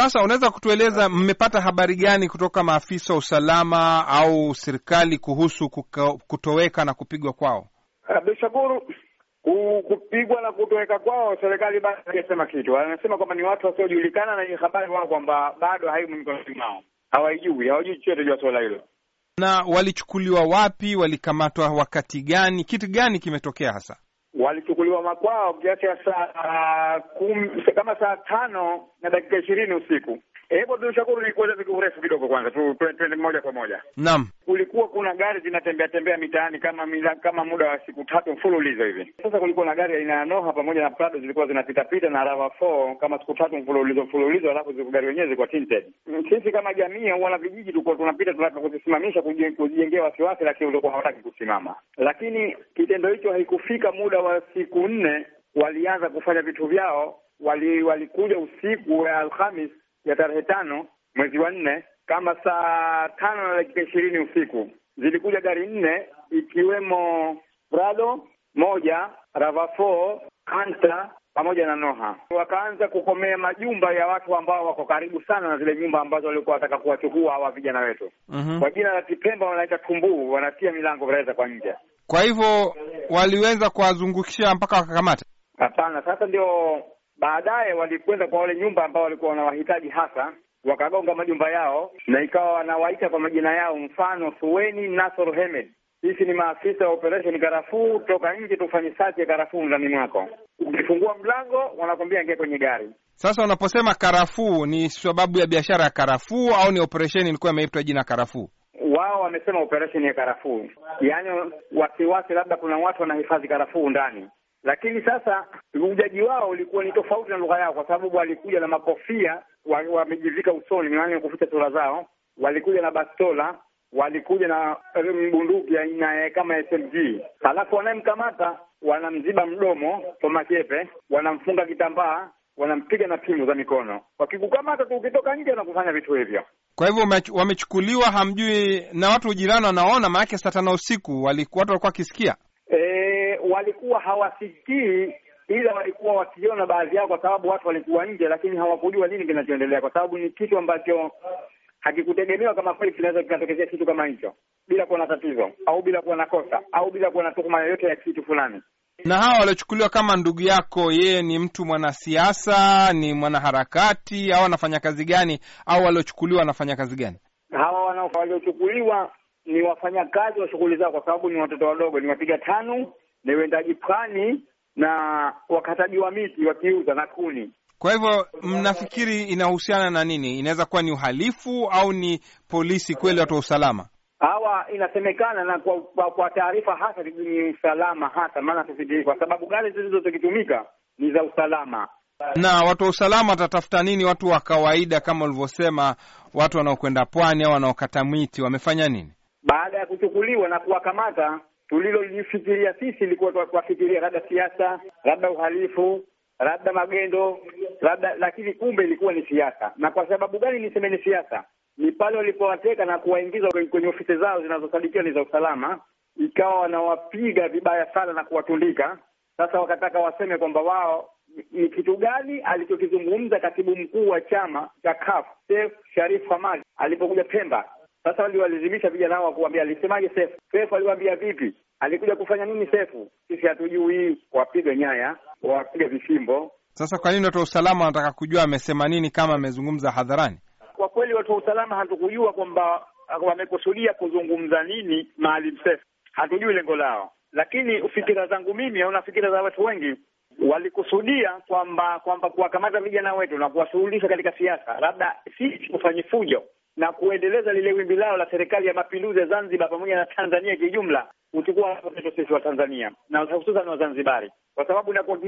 Sasa unaweza kutueleza mmepata habari gani kutoka maafisa wa usalama au serikali kuhusu kuka, kutoweka na kupigwa kwao? Abdushakuru, kupigwa na kutoweka kwao, serikali bado haijasema kitu. Anasema kwamba ni watu wasiojulikana na habari wao kwamba bado haimo mikononi mwao, hawaijui, hawajui chochote juu ya suala hilo. Na walichukuliwa wapi? Walikamatwa wakati gani? Kitu gani kimetokea hasa? walichukuliwa makwao kiasi ya saa kama saa tano na dakika ishirini usiku. Hebu Shakuru, ni kueleze kiurefu kidogo kwanza, tuende moja kwa moja. Naam, kulikuwa kuna gari zinatembea tembea mitaani kama mila, kama muda wa siku tatu mfululizo hivi. Sasa kulikuwa na gari aina ya Noha pamoja na Prado zilikuwa zinapita pita na Rava 4 kama siku tatu mfululizo mfululizo, alafu ziko gari wenyewe zilikuwa tinted. Sisi kama jamii au wana vijiji tulikuwa tunapita tunataka kuzisimamisha, kujijengea wasiwasi, lakini ulikuwa hawataki kusimama. Lakini kitendo hicho haikufika muda wa siku nne, walianza kufanya vitu vyao, wali- walikuja usiku wa Alhamis ya tarehe tano mwezi wa nne kama saa tano na dakika ishirini usiku zilikuja gari nne ikiwemo Prado moja, Ravafo, Kanta pamoja na Noha. Wakaanza kukomea majumba ya watu ambao wako karibu sana na zile nyumba ambazo walikuwa wataka kuwachukua hawa vijana wetu. Mhm. Kwa jina la Kipemba wanaita tumbuu, wanatia milango reza kwa nje. Kwa hivyo waliweza kuwazungukisha mpaka wakakamata? Hapana, sasa ndio Baadaye walikwenda kwa wale nyumba ambao walikuwa wanawahitaji hasa, wakagonga majumba yao na ikawa wanawaita kwa majina yao, mfano Suweni Nasor Hemed, sisi ni maafisa wa operesheni karafuu, toka nje tufanye sati ya karafuu ndani mwako. Ukifungua mlango wanakwambia ingia kwenye gari. Sasa wanaposema karafuu, ni sababu ya biashara ya karafuu au ni operesheni ilikuwa imeitwa jina karafuu? Wao wamesema operesheni ya karafuu, yaani wasiwasi, labda kuna watu wanahifadhi karafuu ndani lakini sasa uujaji wao ulikuwa ni tofauti na lugha yao, kwa sababu walikuja na makofia wamejivika wa usoni, miwani kuficha sura zao, walikuja na bastola, walikuja na mbunduki eh, aina kama SMG. Halafu wanayemkamata wanamziba mdomo kwa makepe, wanamfunga kitambaa, wanampiga na timu za mikono. Wakikukamata tu ukitoka nje wanakufanya vitu hivyo. Kwa hivyo wamechukuliwa, hamjui na watu jirani wanaona, maanake saa tano usiku watu walikuwa wakisikia walikuwa hawasikii, ila walikuwa wakiona baadhi yao, kwa sababu watu walikuwa nje, lakini hawakujua nini kinachoendelea, kwa sababu ni kitu ambacho hakikutegemewa kama kweli kinaweza kikatokezea kitu kama hicho bila kuwa na tatizo au bila kuwa na kosa au bila kuwa na tuhuma yoyote ya kitu fulani. Na hawa waliochukuliwa kama ndugu yako, yeye ni mtu mwanasiasa, ni mwanaharakati au anafanya kazi gani? Au waliochukuliwa wanafanya kazi gani? Hawa waliochukuliwa ni wafanyakazi wa shughuli zao, kwa sababu ni watoto wadogo, ni wapiga tanu ni wendaji pwani na wakataji wa miti wakiuza na kuni. Kwa hivyo mnafikiri inahusiana na nini? Inaweza kuwa ni uhalifu au ni polisi kweli, watu wa usalama hawa? Inasemekana na kwa, kwa, kwa taarifa hasa ni usalama hasa, maana tufikirii, kwa sababu gari zikitumika ni za usalama na watu wa usalama watatafuta nini? Watu wa kawaida kama ulivyosema, watu wanaokwenda pwani au wanaokata miti wamefanya nini? Baada ya kuchukuliwa na kuwakamata, tulilolifikiria sisi ilikuwa twafikiria labda siasa, labda uhalifu, labda magendo, labda lakini kumbe ilikuwa ni siasa. Na kwa sababu gani niseme ni siasa? Ni pale walipowateka na kuwaingiza kwenye ofisi zao zinazosadikiwa ni za usalama, ikawa wanawapiga vibaya sana na kuwatundika. Sasa wakataka waseme kwamba wao ni kitu gani alichokizungumza katibu mkuu wa chama cha CUF Sharif Hamad alipokuja Pemba sasa ndio alilazimisha vijana hao kuambia, alisemaje Sefu? Sefu aliwaambia vipi? Alikuja kufanya nini Sefu? Sisi hatujui, wapiga nyaya, wapige vishimbo. Sasa kwa nini watu wa usalama wanataka kujua amesema nini kama amezungumza hadharani? Kwa kweli watu wa usalama hatukujua kwamba wamekusudia kuzungumza nini Maalim Sefu, hatujui lengo lao, lakini fikira zangu mimi au fikira za watu wengi walikusudia kwamba kwamba kuwakamata vijana wetu na kuwashughulisha katika siasa, labda sisi tufanye fujo na kuendeleza lile wimbi lao la serikali ya mapinduzi ya Zanzibar pamoja na Tanzania kijumla, huchukua hapo sisi wa Tanzania na hususan wa Zanzibari, kwa sababu inakuwa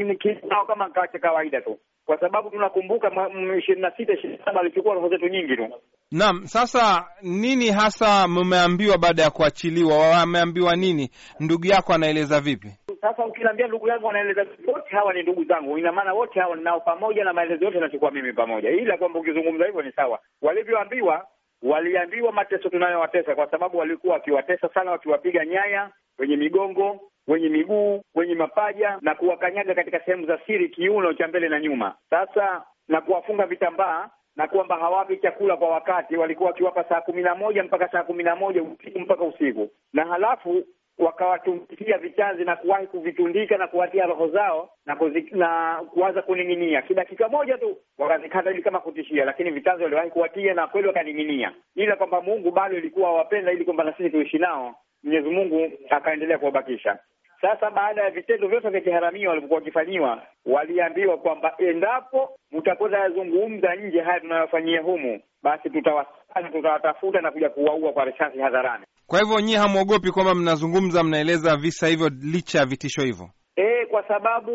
kama kacha kawaida tu, kwa sababu tunakumbuka ishirini na sita ishirini na saba alichukua roho zetu nyingi tu. Naam, sasa nini hasa mmeambiwa baada ya kuachiliwa? Wameambiwa nini? Ndugu yako anaeleza vipi? Sasa ukiniambia ndugu yangu anaeleza, wote hawa ni ndugu zangu, ina maana wote hawa ninao pamoja, na maelezo yote nachukua mimi pamoja, ila kwamba ukizungumza hivyo ni sawa. Walivyoambiwa, waliambiwa mateso tunayowatesa, kwa sababu walikuwa wakiwatesa sana, wakiwapiga nyaya wenye migongo wenye miguu wenye mapaja na kuwakanyaga katika sehemu za siri, kiuno cha mbele na nyuma, sasa na kuwafunga vitambaa na kwamba hawapi chakula kwa wakati. Walikuwa wakiwapa saa kumi na moja mpaka saa kumi na moja usiku mpaka usiku, na halafu wakawatundikia vichanzi na kuwahi kuvitundika na kuwatia roho zao na, na kuanza kuning'inia kidakika moja tu, wakazikata ili kama kutishia, lakini vichanzi waliwahi kuwatia na kweli wakaning'inia, ila kwamba Mungu bado ilikuwa awapenda ili kwamba na sisi tuishi nao. Mwenyezi Mungu akaendelea kuwabakisha. Sasa baada ya vitendo vyote vya kiharamia walivyokuwa wakifanyiwa, waliambiwa kwamba endapo mtakwenda yazungumza nje haya tunayofanyia humu, basi tutawasaka, tutawatafuta na kuja kuwaua kwa risasi hadharani. Kwa hivyo nyie hamwogopi kwamba mnazungumza, mnaeleza visa hivyo licha ya vitisho hivyo? E, kwa sababu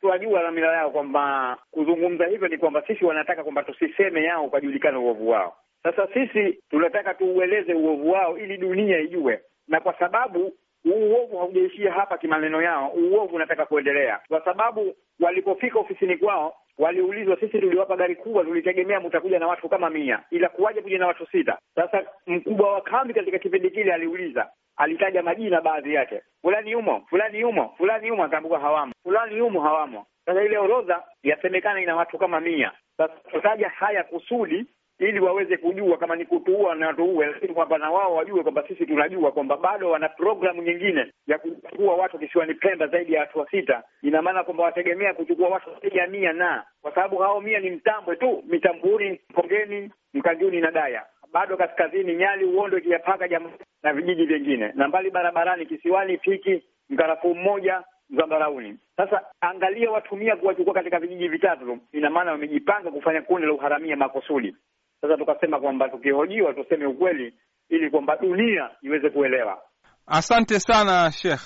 tunajua dhamira yao kwamba kuzungumza hivyo ni kwamba sisi wanataka kwamba tusiseme yao ukajulikana uovu wao. Sasa sisi tunataka tuueleze uovu wao ili dunia ijue, na kwa sababu huu uovu haujaishia hapa kimaneno yao, uovu unataka kuendelea, kwa sababu walipofika ofisini kwao waliulizwa, sisi tuliwapa gari kubwa, tulitegemea mtakuja na watu kama mia, ila kuwaje kuja na watu sita? Sasa mkubwa wa kambi katika kipindi kile aliuliza, alitaja majina baadhi yake, fulani yumo, fulani yumo, fulani yumo, akaambuka hawamo, fulani yumo, hawamo. Sasa ile orodha yasemekana ina watu kama mia. Sasa tutaja haya kusudi ili waweze kujua kama ni kutuua na tuue, lakini kwamba na wao wajue kwamba sisi tunajua kwamba bado wana programu nyingine ya kuchukua watu kisiwani Pemba zaidi ya watu wa sita. Ina maana kwamba wategemea kuchukua watu zaidi ya mia, na kwa sababu hao mia ni Mtambwe tu, Mitamburi, Mpongeni, Mkanjuni na Daya, bado kaskazini Nyali, Uondo, Kiyapaka, Jamhuri na vijiji vyengine, na mbali barabarani kisiwani fiki Mkarafuu mmoja zambarauni Sasa angalia, watumia kuwachukua katika vijiji vitatu, ina maana wamejipanga kufanya kundi la uharamia makusudi. Sasa tukasema kwamba tukihojiwa tuseme ukweli, ili kwamba dunia iweze kuelewa. Asante sana Sheikh,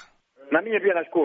na mimi pia nashukuru.